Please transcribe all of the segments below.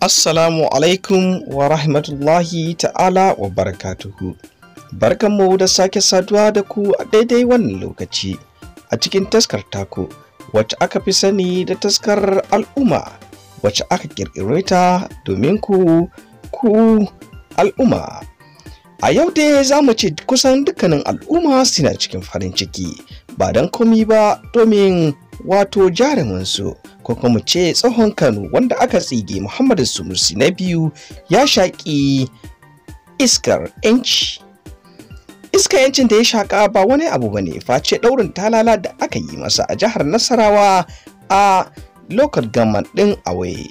Assalamu alaikum wa rahmatullahi ta'ala wa barakatuhu. Barkanmu da sake saduwa da ku a daidai wannan lokaci a cikin taskar taku wacce aka fi sani da taskar al'umma wacce aka ƙirƙire ta domin ku ku al'umma. A yau dai za mu ce kusan dukkanin al'umma suna cikin farin ciki ba don komi ba domin wato jarumin su. ko kuma ce tsohon Kano wanda aka tsige Muhammadu Sunusi na biyu ya shaƙi iskar ‘yanci. Iskar ‘yancin da ya shaƙa ba wani abu ba ne face ɗaurin talala da aka yi masa a jihar Nasarawa a local government ɗin Awaye.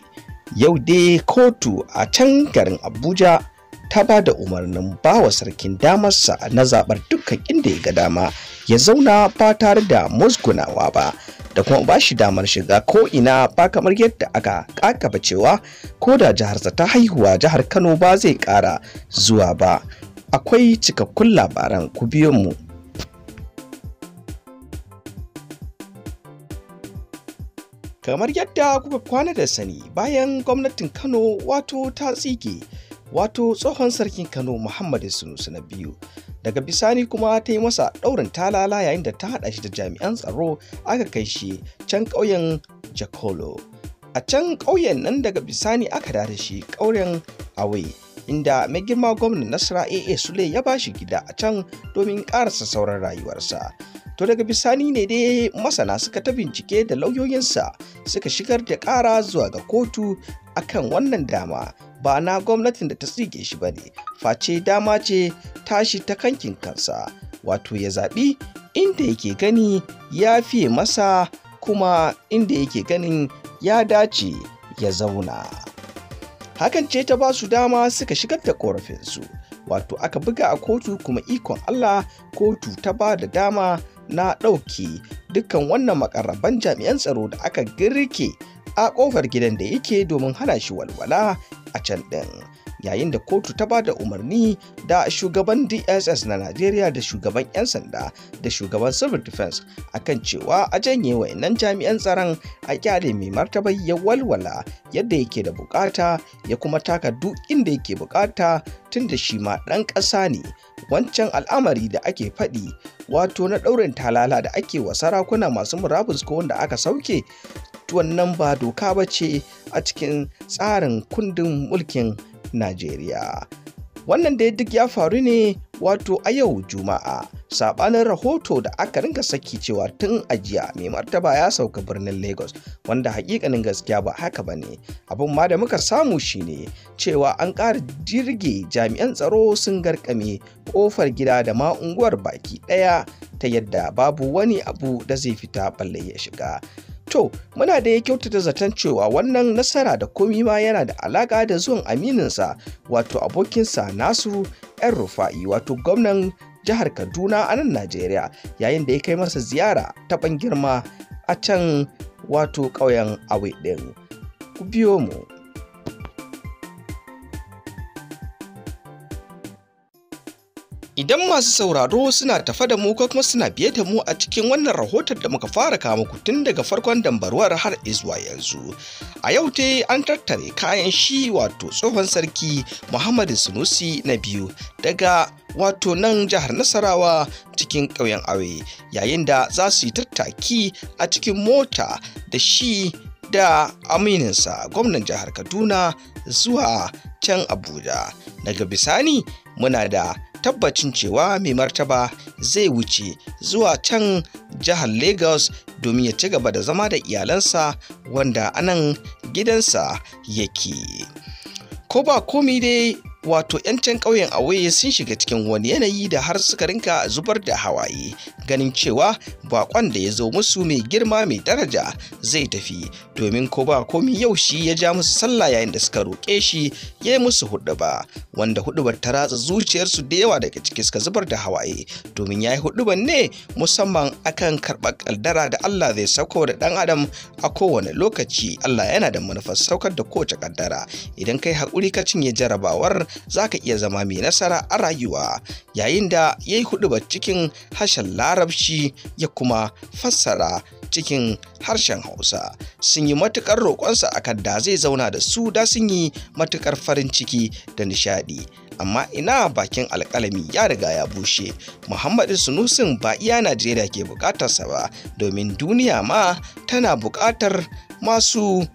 Yau dai kotu a can garin Abuja ta ba da umarnin bawa sarkin damarsa na zaɓar dukkan inda ya ga dama ya zauna ba tare da musgunawa ba. da kuma ba shi damar shiga ko ina ba kamar yadda aka kakaba cewa ko da jiharsa ta haihuwa jihar Kano ba zai kara zuwa ba. Akwai cikakkun labaran ku biyo mu. Kamar yadda kuka kwana da sani bayan gwamnatin Kano wato ta tsige. wato tsohon sarkin Kano Muhammad Sunusu na biyu. Daga bisani kuma ta yi masa ɗaurin talala yayin da ta haɗa shi da jami'an tsaro aka kai shi can ƙauyen Jakolo. A can ƙauyen nan daga bisani aka da shi ƙauyen Awe. inda mai girma gwamnan nasara aa sule ya ba shi gida a can domin karasa sauran rayuwarsa to daga bisani ne dai masana suka ta bincike da lauyoyinsa suka shigar da ƙara zuwa ga kotu akan wannan dama ba na gwamnatin da ta tsige shi ba ne face dama ce tashi ta kankin kansa wato ya zaɓi inda yake gani ya fiye masa kuma inda yake ganin ya dace ya zauna hakan ce ta ba su dama suka shigar da korafinsu wato aka buga a kotu kuma ikon allah kotu ta ba da dama na ɗauke dukkan wannan makarraban jami'an tsaro da aka girke a kofar gidan da yake domin hana shi walwala a can ɗin yayin da kotu ta ba da umarni da shugaban dss na najeriya da shugaban 'yan sanda da shugaban civil defense kan cewa a janye wa inan jami'an tsaron a kyale mai martaba ya walwala yadda yake da bukata ya kuma taka duk inda yake bukata tun da shi ma ɗan ƙasa ne wancan al'amari da ake faɗi wato na ɗaurin talala da ake wa sarakuna masu murabus ko wanda aka sauke wannan ba doka ba ce a cikin tsarin kundin mulkin Najeriya. Wannan da duk ya faru ne wato a yau Juma'a, saɓanin rahoto da aka ringa saki cewa tun a jiya mai martaba ya sauka birnin Lagos, wanda hakikanin gaskiya ba haka ba ne. Abin ma da muka samu shi ne, cewa an ƙara jirge jami'an tsaro sun garkame ƙofar gida da ma unguwar baki ɗaya ta yadda babu wani abu da zai fita balle ya shiga. To, muna da ya kyautata zaton cewa wannan nasara da komi ma yana da alaƙa da zuwan amininsa wato abokinsa Nasiru 'yan Rufa'i wato gwamnan jihar Kaduna a nan Najeriya yayin da ya kai masa ziyara ta ban girma a can wato ƙauyen Awe ɗin. Ku biyo mu. Idan masu sauraro suna tafa da mu ko kuma suna biye da mu a cikin wannan rahoton da muka fara kama kutun tun daga farkon dambaruwar har izuwa yanzu. A yau dai an tattare kayan shi wato tsohon sarki Muhammadu Sunusi na biyu daga wato nan jihar Nasarawa cikin ƙauyen aure, yayin da za su yi tattaki a cikin mota da shi da amininsa gwamnan jihar Kaduna zuwa can Abuja. Daga bisani muna da tabbacin cewa mai martaba zai wuce zuwa can jihar Lagos domin ya ci gaba da zama da iyalansa wanda anan gidansa yake. Ko ba komi dai wato 'yancin ƙauyen awaye sun shiga cikin wani yanayi da har suka rinka zubar da hawaye ganin cewa bakon da ya zo musu mai girma mai daraja zai tafi domin ko ba komi yau shi ya ja musu sallah yayin da suka roƙe shi ya yi musu ba, wanda huɗubar ta ratsa zuciyarsu da yawa daga ciki suka zubar da hawaye domin ya yi huɗuban ne musamman akan karɓar ƙaddara da Allah zai sauko da ɗan adam a kowane lokaci Allah yana da manufar saukar da kowace ƙaddara idan kai haƙuri ka cinye jarabawar za ka iya zama mai nasara a rayuwa yayin da ya yi ba cikin harshen larabci ya kuma fassara cikin harshen hausa sun yi matukar roƙonsa a kan da zai zauna da su da sun yi matukar farin ciki da nishadi amma ina bakin alƙalami ya riga ya bushe muhammadu sunusin ba iya najeriya ke bukatarsa ba domin duniya ma tana bukatar masu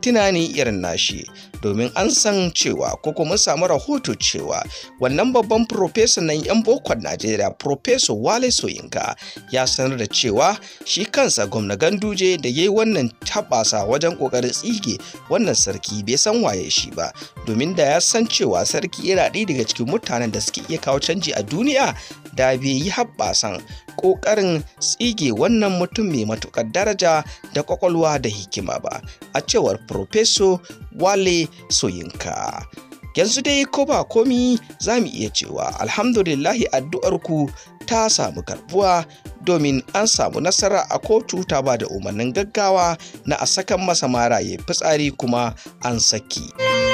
tunani irin nashi domin an san cewa ko kuma samu rahoto cewa wannan babban profesa nan yan bokon najeriya profesa wale soyinka ya sanar da cewa shi kansa gwamna ganduje da yayi wannan tabasa wajen kokarin tsige wannan sarki bai san waye shi ba domin da ya san cewa sarki yana ɗaya daga cikin mutanen da suke iya kawo canji a duniya da bai yi haɓɓasan ƙoƙarin tsige wannan mutum mai matuƙar daraja da ƙwaƙwalwa da hikima ba a cewar Profeso Wale Soyinka. Yanzu dai ko ba komi za mu iya cewa alhamdulillahi addu'arku ta samu karbuwa domin an samu nasara a kotu ta ba da umarnin gaggawa na a sakan masa maraye fitsari kuma an saki.